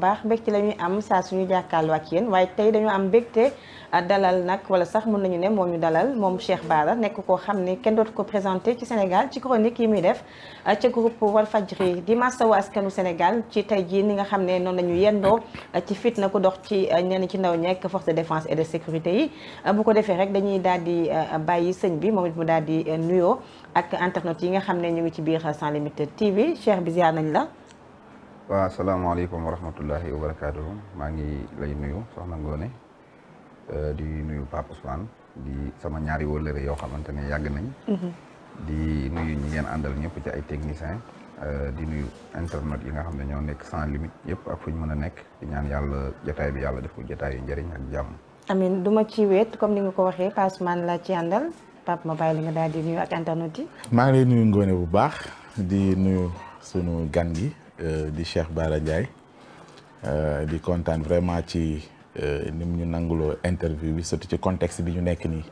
baax mbégte la ñuy am saa suñu jàkkaarloo ak yéen waaye tey dañu am mbégte ah, dalal nag wala sax mun nañu ne moom ñu dalal moom Cheikh Bara nekk koo xam ne kenn dootu ko présenté ci Sénégal ci chronique yi muy def ah, ca groupe Walfadjri di masawu askanu Sénégal ci tey jii ni nga xam ne noonu la ñu yendoo ah, ci fit na ku dox ci ñenn ci ndaw ñekk force de défense et de sécurité yi bu ko defee rek dañuy daal di bàyyi sëñ bi moom it mu daal di nuyoo ak internautes yi nga xam ne ñu ngi ci biir sans limite TV Cheikh bi ziar nañ la waaw asalaamaaleykum wa rahmatullahi wa barakaatuhu maa ngi lay nuyu soxna Ngoone euh, di nuyu Pape Ousmane di sama ñaari wóllëre yoo xamante ne yàgg nañ mm-hmm. di nuyu ñi ngeen àndal ñëpp ci ay technicien euh, di nuyu internet yi nga xam ne ñoo nekk sans limite yëpp ak fu mën a nekk di ñaan yàlla jotaay bi yàlla def ko jotaay yu njariñ ak jàmm amin du ci wet comme ni nga ko waxee Pape Ousmane laa ci àndal Pape ma bàyyi li nga daal di nuyu ak internet yi maa ngi lay bu baax di nuyu sunu gan Euh, di Cheikh Bara Ndiaye euh, di kontaan vraiment ci euh, ni mu ñu nanguloo interview bi surtout ci contexte bi ñu nekk nii.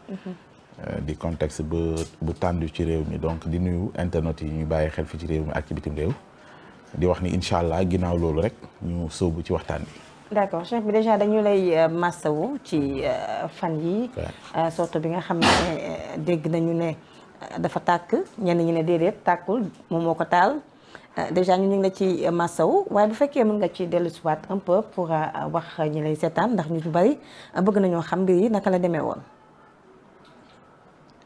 di contexte bu bu tàndu ci réew mi donc di nuyu internet yi ñu bàyyi xel fi ci réew mi ak ci bitim réew di wax ni incha allah ginnaaw loolu rek ñu sóobu ci waxtaan bi. d'accord chef bi déjà dañu lay massawu ci fan yi surtout bi nga xam ne dégg nañu ne dafa tàkk ñenn ñi ne déedéet tàkkul moom moo ko taal. Euh, déjà ñu ngi la ci euh, massaw waaye bu fekkee mën nga ci dellu un peu pour euh, wax ñi lay seetaan ndax ñu bari bëgg nañoo xam mbir yi naka la demee woon.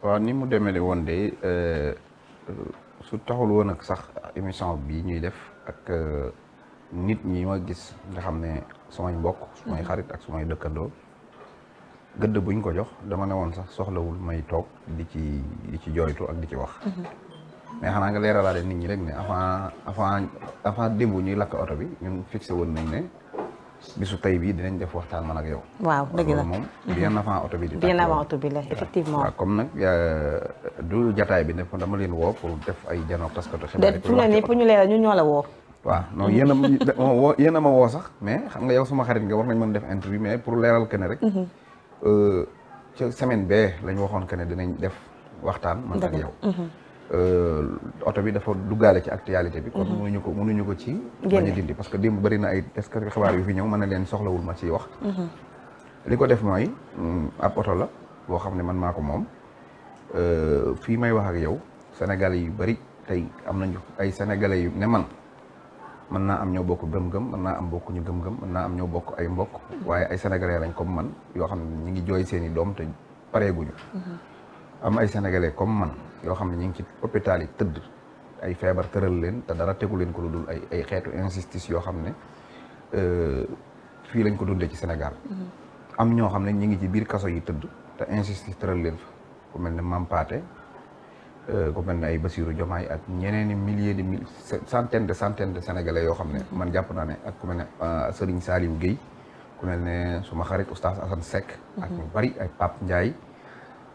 waaw ni mu demee woon de su taxul woon ak sax émission bi ñuy def ak nit ñi ma gis nga xam ne sumay mbokk sumay mhm. xarit ak sumay dëkkandoo gëdd buñ ko jox dama ne woon sax soxlawul may toog di ci di ci jooytu ak di ci wax. Mhm. mais xanaa nga leeralaale nit ñi rek ne avant avant avant démb ñuy lakk oto bi ñun fixé woon nañ ne bisu tey bii dinañ def waxtaan man ak yow. waaw dëgg la moom bien mhm. avant oto bi. bi la effectivement. waaw comme nag euh, du jataay bi ne dama leen woo pour def ay janoog taskatu xibaar. pour ñu nii pour ñu leeral woo. waaw non yéen a ma woo a ma woo sax mais xam nga yow suma xarit nga war nañ mën def interview mais pour leeral que ne rek. Mhm. Euh, ca semaine bee la waxoon que ne dinañ def waxtaan man ak yow. Mhm. Euh, oto bi dafa duggaale ci actualité bi kon mhm. mënuñu ko mënuñu ko ci bañ a dindi parce que démb bëri na ay taskati xibaar yu fi ñëw mën na leen soxlawul ma ciy wax mhm. li ko def mooy mm, ab oto la boo xam ne man maa ko moom euh, fii may wax ak yow sénégalais yu bëri tey am nañu ay sénégalais yu ne man mën naa am ñoo bokk gëm-gëm mën naa am bokk ñu gëm mën naa am ñoo bokk ay mbokk mhm. waaye ay sénégalais lañ comme man yoo xam ne ñu ngi jooy seeni doom te pareeguñu am ay sénégalais comme man yoo xam ne ñu ngi ci hôpital yi tëdd ay feebar tëral leen te dara tegu leen ko lu dul ay ay xeetu injustice yoo xam ne euh, fii lañ ko dundee ci Sénégal mm-hmm. am ñoo xam ne ñu ngi ci biir kaso yi tëdd te injustice tëral leen fa ku mel ne Mampaate euh, ku mel ne ay Bassirou Diomaye ak ñeneen i milliers de mille centaine de centaine de sénégalais yoo xam ne mm-hmm. man jàpp naa ne ak ku mel ne euh, Serigne Saliou Guèye ku mel ne su ma xarit oustaz Assane Seck ak mm-hmm. ñu bari ay Pape Ndiaye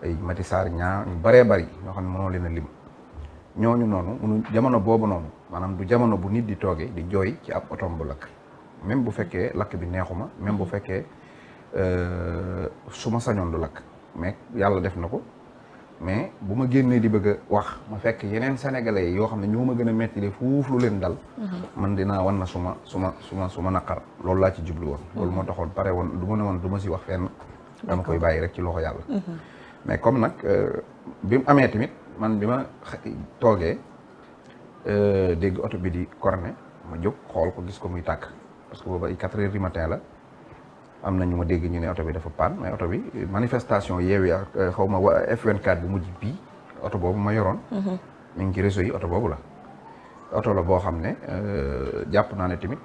ay Mati Sarr ñaa ñu baree bari ñoo xam ne mënoo leen a lim ñooñu noonu munu jamono boobu noonu maanaam du jamono bu nit di toogee di jooy ci ab otom bu lakk même bu fekkee lakk bi neexuma même bu fekkee euh, su ma sañoon du lakk mais yàlla def na ko mais bu ma génnee di bëgg a wax ma fekk yeneen sénégalais yoo xam ne ñoo ma gën a metti de fuuf lu leen dal mm-hmm. man dinaa wan na suma suma suma su ma su naqar loolu laa ci jublu woon mm-hmm. loolu moo taxoon pare woon du ma ne woon du ma si wax fenn dama koy bàyyi rek ci loxo yàlla mm-hmm. mais comme nag euh, bi mu amee tamit man bi ma toogee euh, dégg oto bi di corné ma jóg xool ko gis ko muy tàkk parce que booba ay quatre heures du matin la am na ñu ma dégg ñu ne oto bi dafa paan mais oto bi manifestation yeewi ak euh, xaw ma wa F24 bu mujj bii oto boobu ma yoroon. mu mhm. ngi ci réseau yi oto boobu la. oto la boo xam ne jàpp naa ne tamit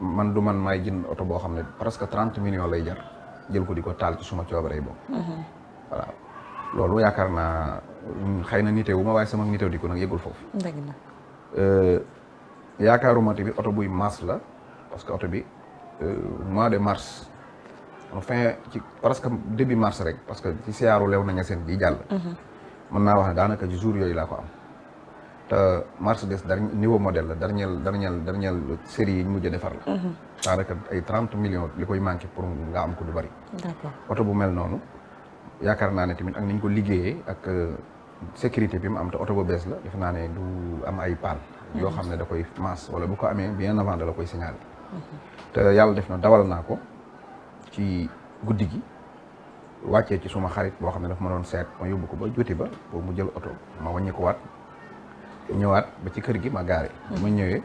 man du man maay jën oto boo xam ne presque trente million lay jar jël ko di ko taal ci suma coobaree boobu. Mhm. voilà loolu yaakaar naa mm, xëy na niteewu ma waaye sama niteew di ko nag yëgul foofu. dëgg euh, yaakaaruma tamit oto buy mars la parce que oto bi euh, mois de mars fin ci presque début mars rek parce que ci siyaaru lew nañu seen di jàll. Mhm. mën naa wax ne daanaka ci jour yooyu laa ko am. te Mercedes dernier niveau modèle la dernier dernier dernier série yi ñu mujj a defar la. Mhm. daanaka ay trente millions li koy manqué pour nga am ko du bari. d'accord oto bu mel noonu. yaakaar naa ne tamit ak ni ko liggéeyee ak euh, sécurité bi mu am te auto bu bees la def naa ne du am ay panne yoo xam ne da koy masse wala bu ko amee bien avant da la koy signaler te yàlla def na dawal naa ko ci guddi gi wàccee ci suma xarit boo xam ne daf ma doon seet ma yóbbu ko ba juti ba boobu mu jël oto ma wàññi ko waat ñëwaat ba ci kër gi ma gaare ma ñëwee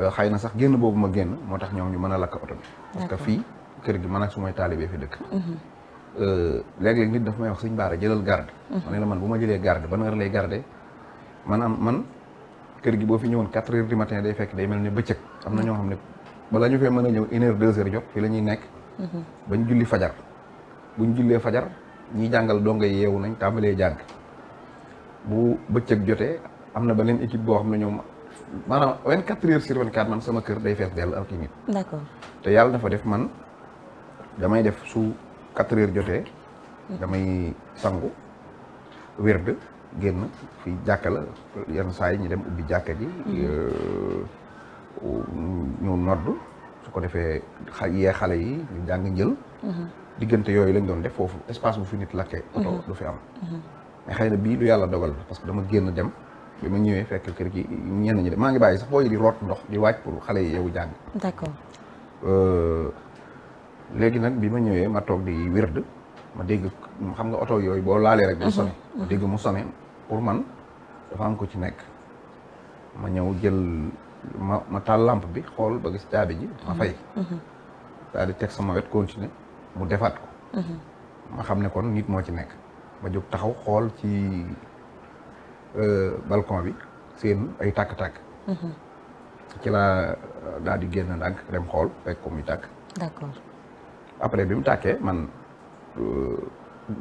euh, xëy na sax génn boobu ma génn moo tax ñoom ñu mën a lakk auto bi parce que fii kër gi man ak sumay taalibe fi dëkk mhm. Euh, léeg-léeg nit daf may wax sëñ Baara jëlal garde. Mhm. ma ne la man bu ma jëlee garde ban heure lay garde maanaam man kër gi boo fi ñëwoon quatre heures du matin day fekk day mel ni bëccëg am na ñoo xam ne balaa ñu fee mën a ñëw une heure deux heures jot la ñuy nekk. Mhm. bañ julli fajar buñ jullee fajar ñi jàngal dongo yi yeewu nañ tàmbalee jàng bu bëccëg jotee am na beneen équipe boo xam ne ñoom maanaam 24 heures sur 24 man sama kër day fees dell ak i nit. man damay def su. quatre heures jotee damay sangu wérd génn fi jàkka la yenn saa yi ñu dem ubbi jàkka ji mm-hmm. euh, ñu nodd su ko defee yee xale yi ñu jàng njël mm-hmm. diggante yooyu lañ doon def foofu espace bu fi nit lakkee oto mm-hmm. du fi am mais xëy na bii lu yàlla dogal parce que dama génn dem bi ma fekk kër gi ñenn ñi de maa ngi bàyyi sax boo yi di root ndox di waaj pour xale yi yow jàng d'accord euh, léegi nag bi ma ñëwee ma toog di wird ma dégg xam nga oto yooyu boo laalee rek. mu sonné mhm. ma dégg mu sonné pour man dafa ko ci nekk ma ñëw jël ma ma taal lampe bi xool ba gis caabi ji ma fay. Mhm. daal di teg sama wet continuer mu defaat ko. Mhm. ma xam ne kon nit moo ci nekk ma jóg taxaw xool ci euh, balcon bi séen ay tàkk-tàkk. ci laa euh, daal di génn ndànk dem xool fekk ko muy tàkk. d'accord. après bi mu tàkkee man euh,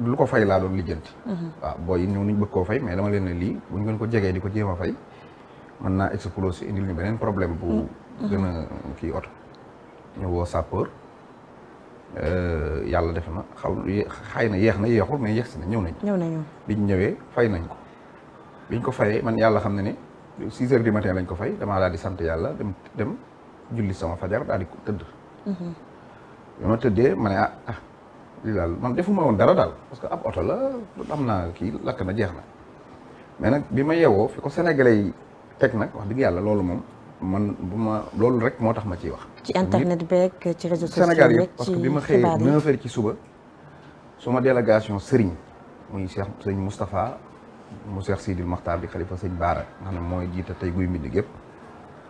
lu ko fay laa doon lijjanti. Mhm. waaw booy yi ñëw nañ bëgg koo fay mais dama leen ne lii bu ñu ko jegee di ko jéem a fay mën naa explose indil ñu beneen problème. bu mm. mm-hmm. gën a kii oto. ñu woo sapeur euh, yàlla defe na xaw xay na yeex na yeexul mais yeex si na ñëw nañ. ñëw nañu biñ ñëwee fay nañ ko. biñ ko fayee man yàlla xam ne ni six heures du matin lañ ko fay damaa daal di sant yàlla dem dem julli sama fajar daal di ko tëdd. Mm-hmm. bi ma tëddee ma ne ah ah lii daal man defuma woon dara daal parce que ab oto la am naa kii lakk na jeex na mais nag bi ma yeewoo fi ko sénégalais yi teg nag wax dëgg yàlla loolu moom man bu ma loolu rek moo tax ma ciy wax. ci internet beeg ci réseaux sociaux Sénégal yëpp parce que bi ma xëyee 9h ci suba suma délégation Serigne muy Cheikh sëñ Moustapha mu Cheikh Sidil Makhtar di xalifa Sëñ Baara nga xam ne mooy jiite tey guy midi gépp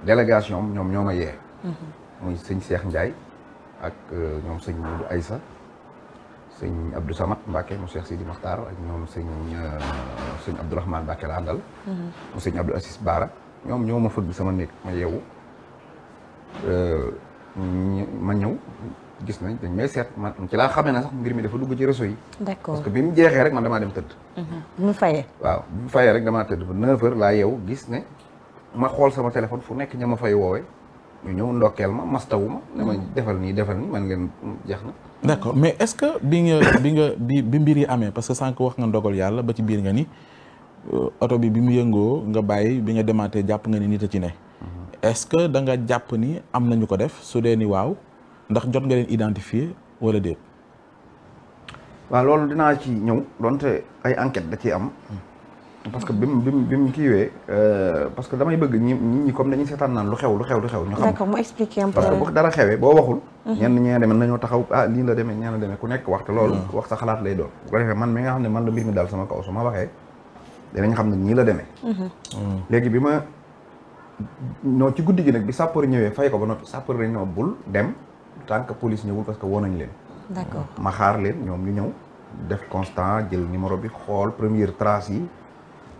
délégation am ñoom ñoo ma yee. Mhm. muy Sëñ Ndiaye. ak euh, ñoom sëñ Modou Aïssa sëñ Abdou Samad Mbacke mu Cheikh Sidi Makhtar ak ñoom sëñ euh, sëñ Abdourahmane Mbacke la àndal. mu sëñ Abdou Assis Baara ñoom ñoo ma fëgg sama néeg ma yeewu euh, ma ñëw gis nañ may seet man ci laa xame na sax mbir mi dafa dugg ci réseau yi. d'accord bi mu jeexee rek man damaa dem tëdd. Mm-hmm. mu fayee. waaw mu fayee rek damaa tëdd ba 9 laa yeewu gis ne ma xool sama téléphone fu nekk ña ma fay woowee. ñu ñëw ndokkeel ma mastawu ma ne mm. defal nii defal nii man leen jeex na. d'accord mais est-ce que bi nga bi nga bi bi mbir yi amee parce que sànq wax nga ndogal yàlla ba ci biir nga ni euh, oto bi bi mu yëngoo nga bàyyi bi nga demaatee jàpp nga ni nit a ci ne. Mm-hmm. est-ce que da nga jàpp ni am nañu ko def su dee ni waaw ndax jot nga leen identifier wala déet. waaw loolu dinaa ci ñëw donte ay enquête da ciy am. Mm. parce que bi mu bi mu bi mu kiiwee euh, parce que damay bëgg ñi ñi comme dañuy seetaan naan lu xew lu xew lu xew. ñu xam d'accord mu expliquer un parce que bu dara xewee boo waxul. Mhm. ñenn ñee demee nañoo taxaw ah lii la demee ñeen la demee ku nekk waxtu loolu. Mhm. wax sa xalaat lay doon. bu ko defee man ne man la mbir mi daal sama xam ne ñii la demee. Mhm. léegi bi ma non ci guddi gi nag bi sapeur ñëwee fay ko ba noppi sapeur dañ ma bul dem tant que police ñëwul parce que woo nañ leen. ma xaar leen ñoom ñu ñëw def constant jël numéro bi xool première trace yi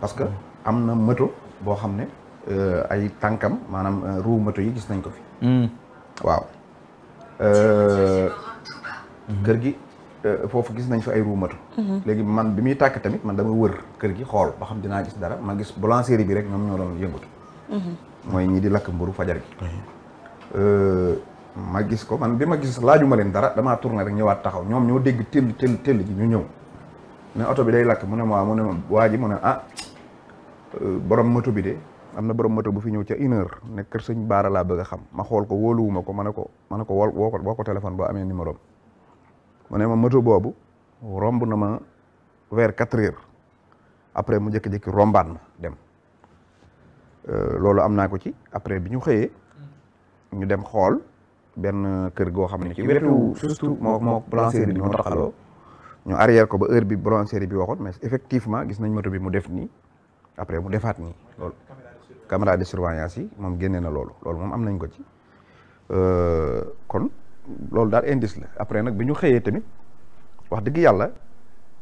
parce que am na moto boo xam ne euh, ay tànkam maanaam euh, roue yi gis nañ ko fi. Hmm. waaw. Euh, kër gi foofu gis nañ fi ay roue mhm. léegi man bi muy tàkk tamit man dama wër kër gi xool boo xam dinaa gis dara ma gis boulangerie bi rek ñoom ñoo doon yëngatu. Mhm. mooy ñii di lakk mburu fajar gi. ma gis ko man bi ma gis laajuma leen dara damaa tourné rek ñëwaat taxaw ñoom ñoo dégg tëll tëll tëll ji ñu ñëw. mais oto bi day lakk mu ne ma mu ne ma waa ji mu ne ah borom moto bi de am na borom moto bu fi ñëw ca une heure ne kër sëñ Baara laa xam ma xool ko wóoluwuma ko ma ne ko ma ne ko woo ko woo ko téléphone boo amee numéro mu ne ma moto boobu romb na ma weer quatre heures après mu jékki-jékki rombaan ma dem euh, loolu am naa ko ci après bi ñu xëyee ñu dem xool benn kër goo xam ne ci wetu surtout moo moo blanchéri bi moo taxaloo ñu arrière ko ba heure bi blanchéri bi waxoon mais effectivement gis nañ moto bi mu def nii après mu defaat nii loolu caméra de surveillance yi moom génne na loolu loolu moom am nañ ko ci euh, kon loolu daal indice la après nag bi ñu xëyee tamit wax dëgg yàlla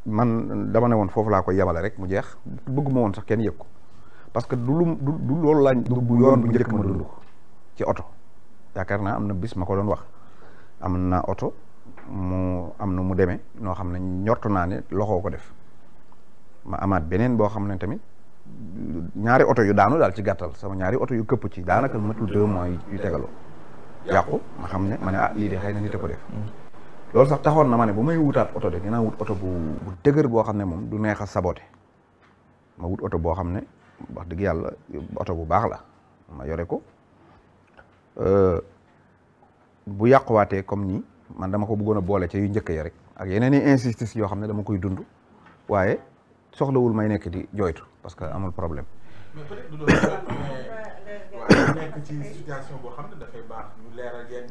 man dama ne woon foofu laa koy yemale rek mu jeex bëgguma woon sax kenn yëg ko parce que du lu du du loolu laa bu yoon bu njëkk ma dund ci oto yaakaar naa am na bis ma ko doon wax am na oto mu am na mu demee noo xam ne ñortu naa ne loxo ko def ma amaat beneen boo xam ne tamit ñaari oto yu daanu daal ci gàttal sama ñaari oto yu këpp ci daanaka matul deux mois yu tegaloo yàqu ma xam ne ma ne ah lii de xëy na nit a def mm. loolu sax taxoon na ma ne bu may wutaat oto de dinaa wut oto bu bu boo xam ne moom du neex a saboté ma wut oto boo xam ne wax dëgg yàlla oto bu baax la ma yore ko euh, bu yàquwaatee comme nii man dama ko bëggoon a boole ca yu njëkk yi rek ak yeneen i insistance yoo xam ne dama koy dund waaye soxlawul may nekk di jooytu parce que amul problème.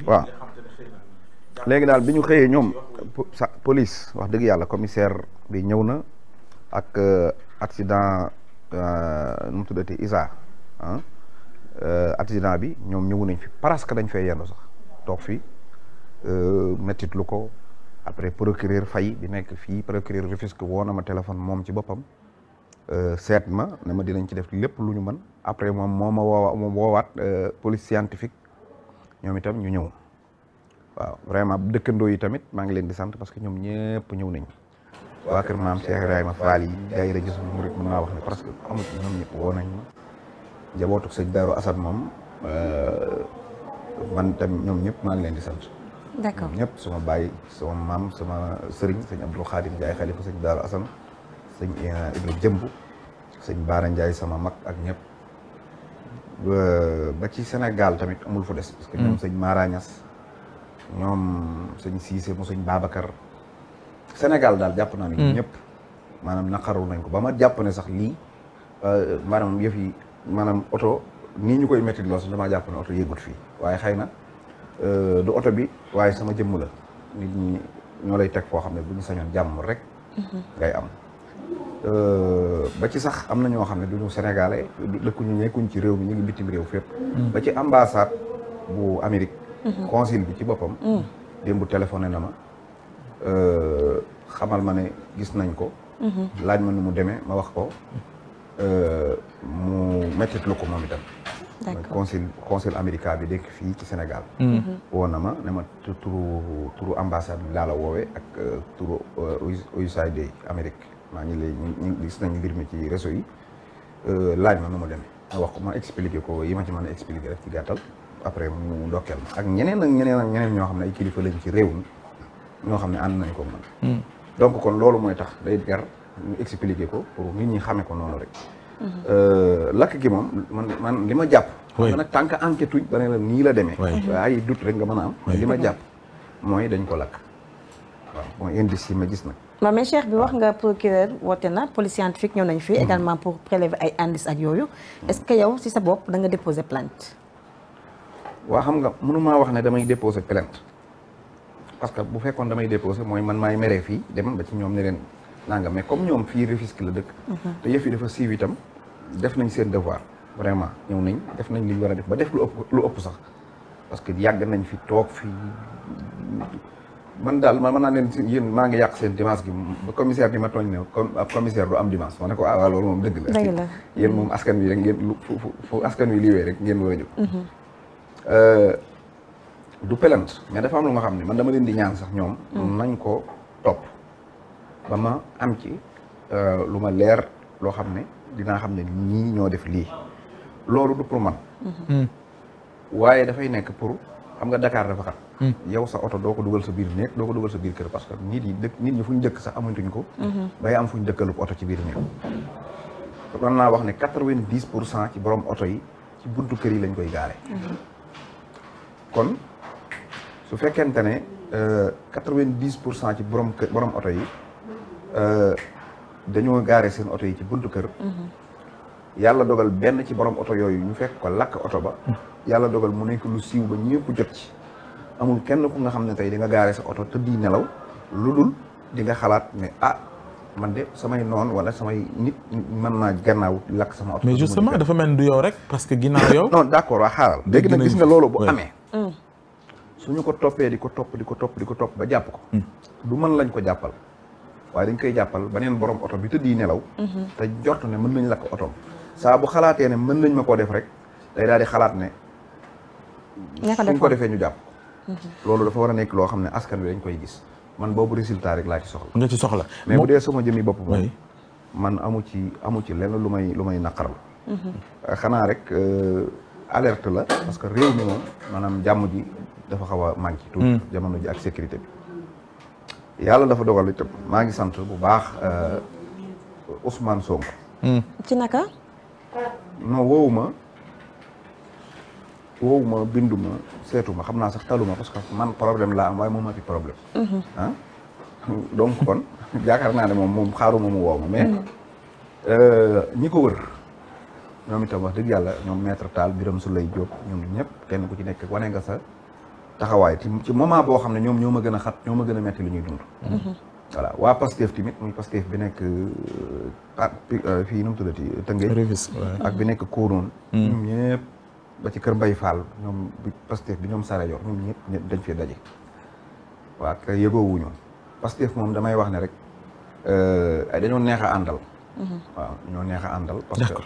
waaw léegi daal bi ñu xëyee ñoom sa police wax dëgg yàlla commissaire bi ñëw na ak euh, accident euh, nu mu tuddati Isa ah accident bi ñoom ñëwu nañ fi parce dañ fay yendu sax toog fi méttit lu ko. après procureur fay bi nekk fii procureur Rufisque woo na ma téléphone moom ci boppam euh, seet ma ne ma dinañ ci def lépp lu ñu man après moom moo ma woowa moom woowaat euh, police scientifique ñoom itam ñu ñëw waaw vraiment dëkkandoo yi tamit maa ngi leen di sant parce que ñoom ñëpp ñëw nañ waa kër maam Cheikh Ibrahima Fall yi gars yi la gis mu rek mën naa wax ne presque amul ñoom ñëpp woo ma njabootu sëñ Daaru Assane moom euh, man tam ñoom ñëpp maa ngi leen di sant d'accord ñëpp suma bàyyi sama maam sama sëriñ sëñ Abdou Khadim Ndiaye xalifa sëñ Daaru Asan sëñ eh, Ibra Baara Ndiaye sama mag ak ñëpp ba ci Sénégal tamit amul fu des parce que ñoom mm. sëñ Mara Niass ñoom sëñ Cissé mu sëñ Babacar senegal daal jàpp naa ne mm. ñëpp maanaam naqaru nañ ko ba ma jàpp sax lii euh, maanaam yëf yi maanaam oto nii ñu koy métti loo sax damaa jàpp ne oto yéegut fii waaye xëy na euh, du oto bi waaye sama jëmm la nit ñi ñoo lay teg foo xam ne bu ñu sañoon jàmm rek mhm. ngay am euh, ba ci sax am na ñoo xam ne du duñu sénégalais lëkkuñu nekkuñ ci réew mi ñu ngi bitim réew fépp mhm. ba ci ambassade bu Amérique mhm. consil bi ci boppam démb téléphoné na ma euh, xamal ma ne gis nañ ko laaj ma nu mu demee ma wax ko euh, mu mettitlu ko moom itam consul consul américain bi dekk fii ci senegal mhm. woo ma ne ma turu turu ambassade bi laa la woowee ak euh, turu USAID euh, Amérique maa ngi lay gis nañu mbir mi ci réseau yi euh, laaj ma nu ma demee ma wax ku ma expliqué ko yi ma ci man a expliqué rek ci gàttal après mu ndokkeel ma ak ñeneen ak ñeneen ak ñeneen ñoo xam ne ay kilifa lañ ci réew mi ñoo xam ne ànd nañ ko man mhm. donc kon loolu mooy tax day jar ñu expliqué ko pour nit ñi xamee ko noonu rek Euh, lakk gi moom man man li ma jàpp. oui nag tant que enquête tuñ ba ne la nii la demee. waaye ay doute rek nga mën a am. li ma jàpp mooy dañ ko lakk. waaw mooy indice yi ma gis nag. waaw mais cheikh bi wax nga procureur woote na police scientifique ñëw nañu fi. Mhm. également pour prélever ay indices ak yooyu. Mhm. est-ce que yow si sa bopp da nga déposer plainte. waa xam nga mënumaa wax ne damay déposer plant parce que bu fekkoon damay déposer mooy man maay meree fii dem ba ci ñoom ne leen. nanga mais comme ñoom fii Rufisque la dëkk mhm. te yëf yi dafa siiw itam def nañ seen devoir vraiment ñëw nañ def nañ li ñu war a def ba def lu ëpp lu ëpp sax parce que yàgg nañ fi toog fii man daal man mën naa leen si yéen maa ngi yàq seen dimanche gi ba commissaire bi ma tooñ ne comme ab commissaire du am dimanche ma ne ko ah waaw loolu moom dëgg la yéen moom askan wi rek ngeen fu askan wi liwee rek ngeen war a jóg mhm. euh, du pelante mais dafa am lu nga xam ne man dama leen di ñaan sax ñoom mhm. nañ ko topp ba ma am ci euh, lu ma leer loo xam ne dinaa xam ne ñii ñoo def lii loolu du pour man hmm. waaye dafay nekk pour xam nga Dakar dafa xat hmm. yow sa oto doo ko dugal sa biir néeg doo ko dugal sa biir kër parce que nit yi dëkk nit ñi fu ñu dëkk sax amatuñ ko hmm. bay am fu ñu dëkkalub oto ci biir néeg mën naa wax ne quatre-vingt-dix pour cent ci borom oto yi ci buntu kër yi lañ koy gaare su fekkente ne euh, quatre-vingt-dix pour cent ci borom kër borom oto yi Euh, dañoo gaaree seen oto yi ci buntu kër. Mhm. yàlla dogal benn ci borom oto yooyu ñu fekk ko lakk oto ba. Mhm. yàlla dogal mu nekk lu siiw ba ñëpp jot ci. amul kenn ku nga xam ne tey di nga sa oto te di nelaw lu dul di nga xalaat ne ah man de samay noon wala samay nit mën naa gannaaw lakk sama oto. mais justement dafa mel du yow rek parce que ginnaaw yow. non d' waa xaaral. léegi na gis nga loolu bu amee. Mm. su ñu ko toppee di ko topp di ko topp di ko topp ba jàpp ko. Mm. du mën lañ ko jàppal. waaye dañ koy jàppal beneen borom oto bi tëdd yi nelaw mhm. te jort ne mën nañ lakk otom saa bu xalaatee ne mën nañ ma koo def rek day daal di xalaat ne suñ ko defee ñu jàpp mhm. loolu dafa war a nekk loo xam ne askan bi dañ koy gis man boobu résultat rek laa ci soxla nga ci soxla mais bu dee sama jëmi bopp mooy man amu ci amu ci lenn lu may lu may naqar la mhm. euh, xanaa rek euh, alerte la parce que réew mi moom maanaam jàmm ji dafa xaw a manqué mm. jamono ji ak sécurité bi yàlla dafa dogal itam maa ngi sant bu baax euh, Ousmane Sonko. Hmm. ci naka. non woowu ma woowu ma bindu ma seetu ma xam naa sax talu ma parce man problème laa am waaye moom ma fi problème. Mhm. ah donc kon jaakaar naa ne moom moom xaaruma mu woo ma mais mhm. euh, ñi ko wër. ñoom itam wax dëgg yàlla ñoom maître Tall Birame Souleye Diop ñoom ñëpp kenn ku ci nekk wane nga sa. taxawaay ci ci moment boo xam ne ñoom ñoo ma gën a xat ñoom ma gën a metti li ñuy dund. Mhm. voilà waa Pastef tamit muy Pastef bi nekk euh, euh, fii nu mu tuddati Tëngéej. ak bi nekk Kouroune. Mhm. ñoom ba ci Kër Mbay Fall ñoom bi bi ñoom sare yor ñoom ñëpp dañ fee daje. waa kay yëgoowuñu Pastef moom damay wax ne rek euh, ay dañoo neex a àndal. Mhm. waaw ñoo neex a àndal. parce que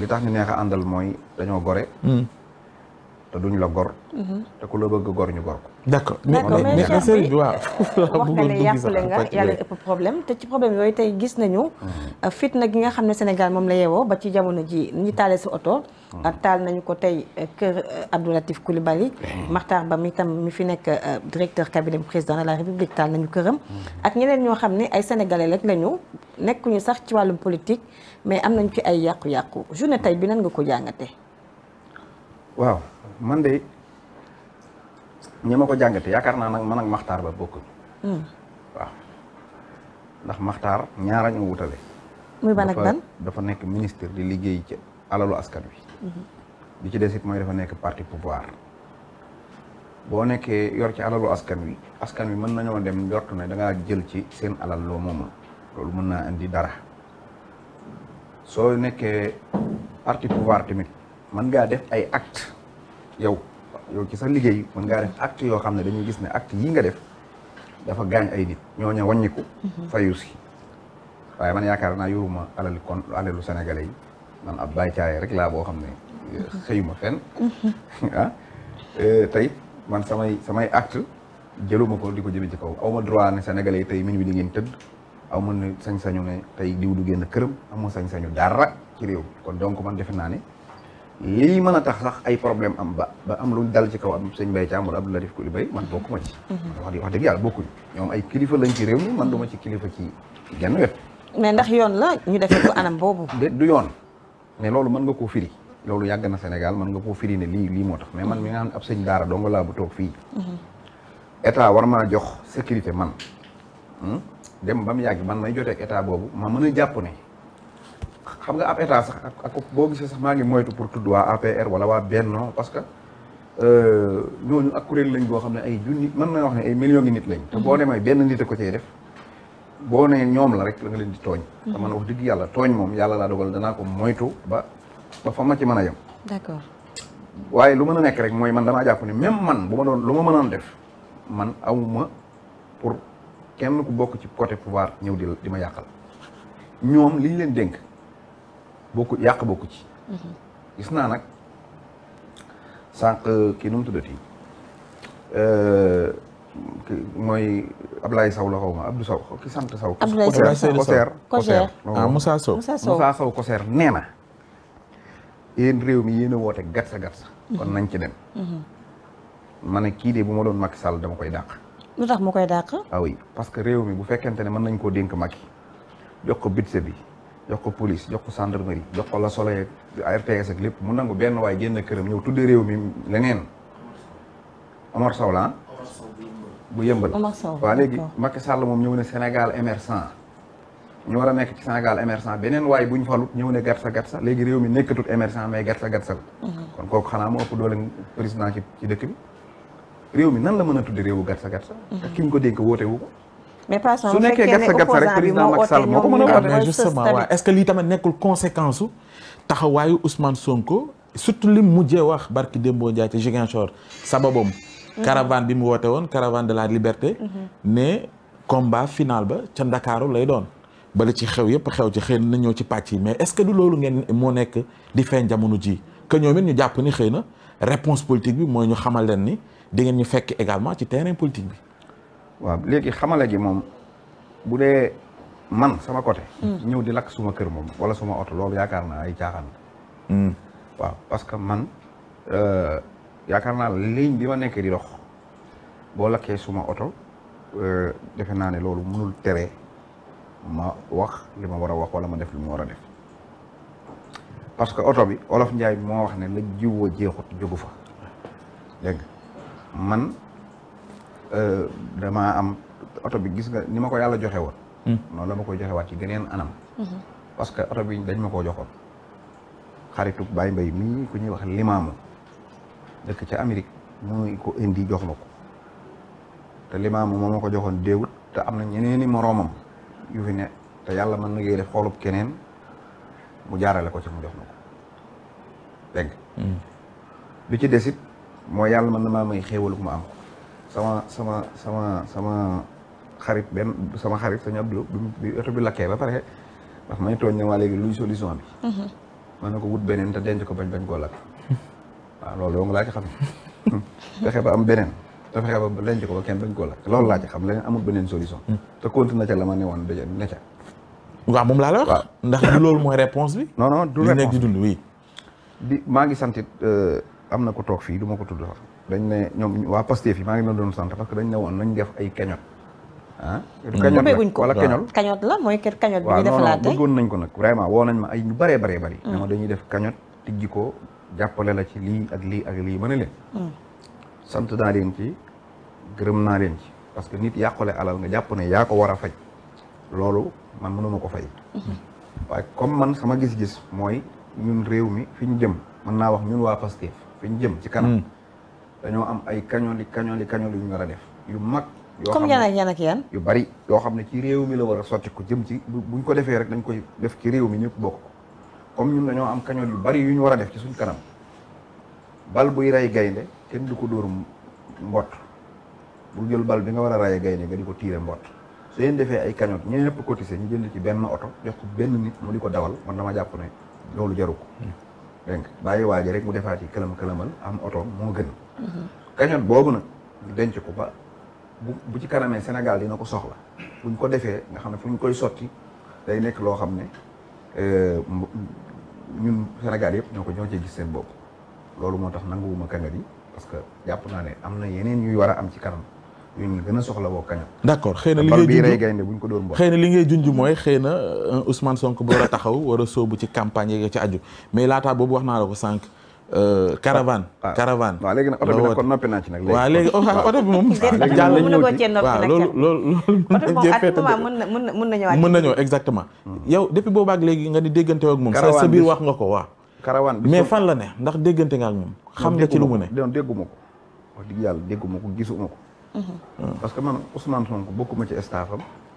li tax ñu neex a àndal mooy dañoo gore. te duñ la gor. Mhm. te ku la bëgg gor ñu gor ko. d' accord mais mais sëriñ bi waaw. wax nga ne yàqule nga yàlla ëpp problème te ci problème yooyu tey gis nañu. Mhm. fitna gi nga xam ne Sénégal moom la yeewoo ba ci jamono ji ñi taalee si oto. Mhm. Ah, taal nañu ko tey eh, kër eh, Abdou Latif Coulibaly. Makhtar Ba mi tam mi fi nekk eh, directeur cabinet président de la République taal nañu këram. ak ñeneen ñoo xam ne ay sénégalais rek lañu nekkuñu sax ci wàllum politique mais am nañ fi ay yàqu-yàqu journée tey bi nga ko jàngatee. waaw man de ñi ma ko jàngate yaakaar naa nag man ak maxtaar ba bokk hmm. waaw ndax maxtaar ñaara ñu wutale dafa nekk ministre di liggéey ci alalu askan wi hmm. bi ci des it mooy dafa nekk parti pouvoir boo nekkee yor ci alalu askan wi askan wi mën nañoo dem jortu ne dangaa jël ci seen alal loo moomul loolu mën naa indi dara soo nekkee parti pouvoir tamit man ngaa def ay acte yow yow ci sa liggéey man ngaa def acte yoo xam ne dañuy gis ne acte yi nga def dafa gaañ ay nit ñoo ña wàññiku mhm. fayu si waaye man yaakaar naa yoruma alal kon alalu sénégalais yi man ab bay caaye rek laa boo xam ne mhm. xëyuma fenn mhm. ah eh, tey man samay samay acte jëluma ko di ko jëme ci kaw aw ma droit ne sénégalais yi tey min wi di ngeen tëdd aw ma ne sañ-sañu ne tey diw du génn këram amu sañ-sañu dara ci réew kon donc man defe naa ne lii mën a tax sax ay problème am ba ba am lu dal ci kaw am sëñ Mbaye Thiam wala Abdou Latif Coulibaly man bokku ma ci mhm. wax wax dëgg yàlla bokkuñ ñoom ay kilifa lañ ci réew mi man du ma ci kilifa ci genn wet mais ndax yoon la ñu defee ko anam boobu du yoon mais loolu mën nga koo firi loolu yàgg na Sénégal mën nga koo firi ne lii lii moo tax mais man mi nga xam ne ab sëñ daara donga laa bu toog fii mhm. état war maa jox sécurité man hmm? dem ba mu yàgg man may joteeg état boobu ma mën a jàpp ne xam nga ab état sax ak boo gisee sax maa ngi moytu pour tudd waa APR wala waa Benno parce que euh, ñooñu ak kuréel lañ boo xam ne ay junni man na wax ne ay millions ngi nit lañ. te boo mhm. demee benn nit a ko cay def boo nee ñoom la rek da leen di tooñ. Mhm. te man wax dëgg yàlla tooñ moom yàlla laa dogal danaa ko moytu ba ba fa ma ci mën a yem. waaye lu mën a nekk rek mooy man damaa jàpp ne même man bu ma doon lu ma mën a def man awuma pour kenn ku bokk ci côté pouvoir ñëw di di ma yàqal ñoom liñ leen dénk. bokku yàq bokku ci. Mhm. gis naa nag sànq kii nu mu tuddati euh, mooy Ablaye saw la xaw ma Abdou Sow ki sant Sow. Abdoulaye Sow Koseer Koseer ah Moussa Sow Moussa Koseer nee na. réew mi yéen a woote gatsa gatsa. Mhm. kon nañ ci dem. Mhm. ma kii de bu ma doon Macky Sall dama koy dàq. lu tax mu koy dàq. ah oui que réew mi bu fekkente ne mën nañ koo dénk Macky jox ko budget bi. jox ko police jox ko gendarmerie jox ko la Soleil ak RTS ak lépp mu nangu benn waay génn këram ñëw tudde réew mi leneen Omar Sow la ah? bu yëmbal waaw léegi Macky Sall moom ñëw ne Sénégal émergent ñu war a nekk ci Sénégal émergent beneen waay bu ñu falut ñëw ne gatsa gatsa léegi réew mi nekkatut émergent mais gatsa gatsa la mhm. kon kooku xanaa mu ëpp doole président ci ci dëkk bi réew mi nan la mën a tudde réewu gatsa gatsa te mhm. ki ñu ko dénk woote ko mais pas su nekkee gerte gerte rek président Macky Sall a wax mais justement waaw est-ce que surtout li mujjee wax barki Dembo Ndiaye ci Ziguinchor sababam mhm. caravane bi mu woote woon caravane de la liberté mhm. ne combat final ba ca Ndakaaru lay doon bala ci xew yëpp xew ci xëy na ñëw ci pàcc yi mais est que du loolu ngeen moo nekk di feeñ jamono ji que ñoom it ñu jàpp ni xëy na réponse politique bi mooy ñu xamal leen ni di ngeen ñu fekk également ci terrain politique bi waaw léegi xamale gi moom bu dee man sama côté. Hmm. ñëw di lakk suma kër moom wala suma oto loolu yaakaar naa ay caaxaan. Hmm. waaw parce que man euh, yaakaar naa ligne bi ma nekkee di dox boo lakkee suma oto euh, defe naa ne loolu mënul tere ma wax li ma war a wax wala ma def li ma war a def parce que oto bi olof njaay bi moo wax ne la jiwoo jeexut jógu fa dégg man. Euh, damaa am oto bi gis nga ni ma ko yàlla joxe woon hmm. noonu la ma koy joxewaat ci geneen anam hmm. parce que oto bi dañ ma koo joxoon xaritu Baye mbay mii ku ñuy wax limaamu dëkk ca Amérique mooy ko indi jox ma ko te limaamu moom ma ko joxoon déewut te am na ñeneeni moroomam yu fi ne te yàlla mën na def xoolub keneen mu jaarale ko ci mu jox ma ko dégg hmm. bi ci desit moo yàlla mën na maa may xéewal ku ma am sama sama sama sama xarit benn sama xarit sañu Abdou bi oto bi lakkee ba pare ndax may tooñ ne waa léegi luy solution bi mhm. ma ne ko wut beneen te denc ko bañ bañ koo lakk waaw loolu dong laa ci xam fexe ba am beneen te fexe ba ko ba kenn bañ lakk loolu laa ci xam leneen amul beneen solution hmm. te continué ca la ma ne woon dëgg ne ca waaw moom laa la wax ndax du loolu mooy réponse bi non du réponse di dund oui di maa ngi santit euh, am na ko toog fii du ma ko tudd sax dañ ne ñoom waa Pastef yi maa ngi leen doon sant parce que dañ ne woon nañ def ay ah, mm. cagnotte ah ubbeeguñ ko wala cagnotte cagnotte la mooy kër cagnotte bi ñu defalaat tey bëggoon nañ ko nag vraiment woo nañ ma ay ñu bëree bëree bëri ne mm. dañuy def cagnotte tijji ko jàppale la ci lii ak lii ak lii ma a leen mm. sant naa leen ci gërëm naa leen ci parce que nit yàqule alal nga jàpp ne yaa ko war a faj loolu man mënuma ko fay mm-hmm. waaye comme man sama gis-gis mooy ñun réew mi fi ñu jëm mën naa wax ñun waa Pastef fi jëm ci kanam dañoo am ay kañoli kañoli kañoli yu ñu war a def yu mag. yoo xam ne comme yan ak yan yu bari yoo xam ne ci réew mi la war a sotti ko jëm ci buñ ko defee rek dañ koy def ci réew mi ñëpp bokk comme ñun dañoo am kañol yu bari yu ñu war a def ci suñ kanam bal buy rey gaynde kenn du ko dóor mbott bul jël bal bi nga war a raye gaynde nga di ko tiire mbott su leen defee ay kañot ñëpp cotisé ñu jënd ci benn oto jox ko benn nit mu di ko dawal man dama jàpp ne loolu jaru ko dégg nga bàyyi waaji rek mu defaat yi këlam këlamal am oto moo gën. Mhm. kañoon boobu nag denc ko ba bu bu ci kanamee Sénégal dina ko soxla buñ ko defee nga xam ne fu ñu koy sotti day nekk loo xam ne euh, ñun Sénégal yëpp ñoo ko ñoo cee gis seen bopp loolu moo tax nanguwuma kangari parce que jàpp naa ne am na yeneen ñuy war a am ci kanam. yu ñu gën a soxla woo kañam. d' accord xëy na li ngay junj rey gaynde bu ñu ko doon xëy na li ngay junj mooy xëy na euh, Ousmane Sonko bu war a taxaw war a sóobu ci campagne yeeg ci aju mais laataa boobu wax naa la ko sànq. Euh, caravane ah, ah. caravane waaw léegi nag oto bi nag kon noppi naa ci nag waaw léegi oto bi moom jàll mën na koo cee noppi nag loolu loolu loolu mën na ñëwaat mën na ñëw exactement hmm. yow depuis boobu ak léegi nga ni déggante ak moom sa biir wax nga ko waaw caravane mais fan la ne ndax déggante nga ak moom xam nga ci lu mu ne dégguma ko wax dëgg yàlla dégguma ko gisuma ko parce que man Ousmane Sonko bokkuma ci staffam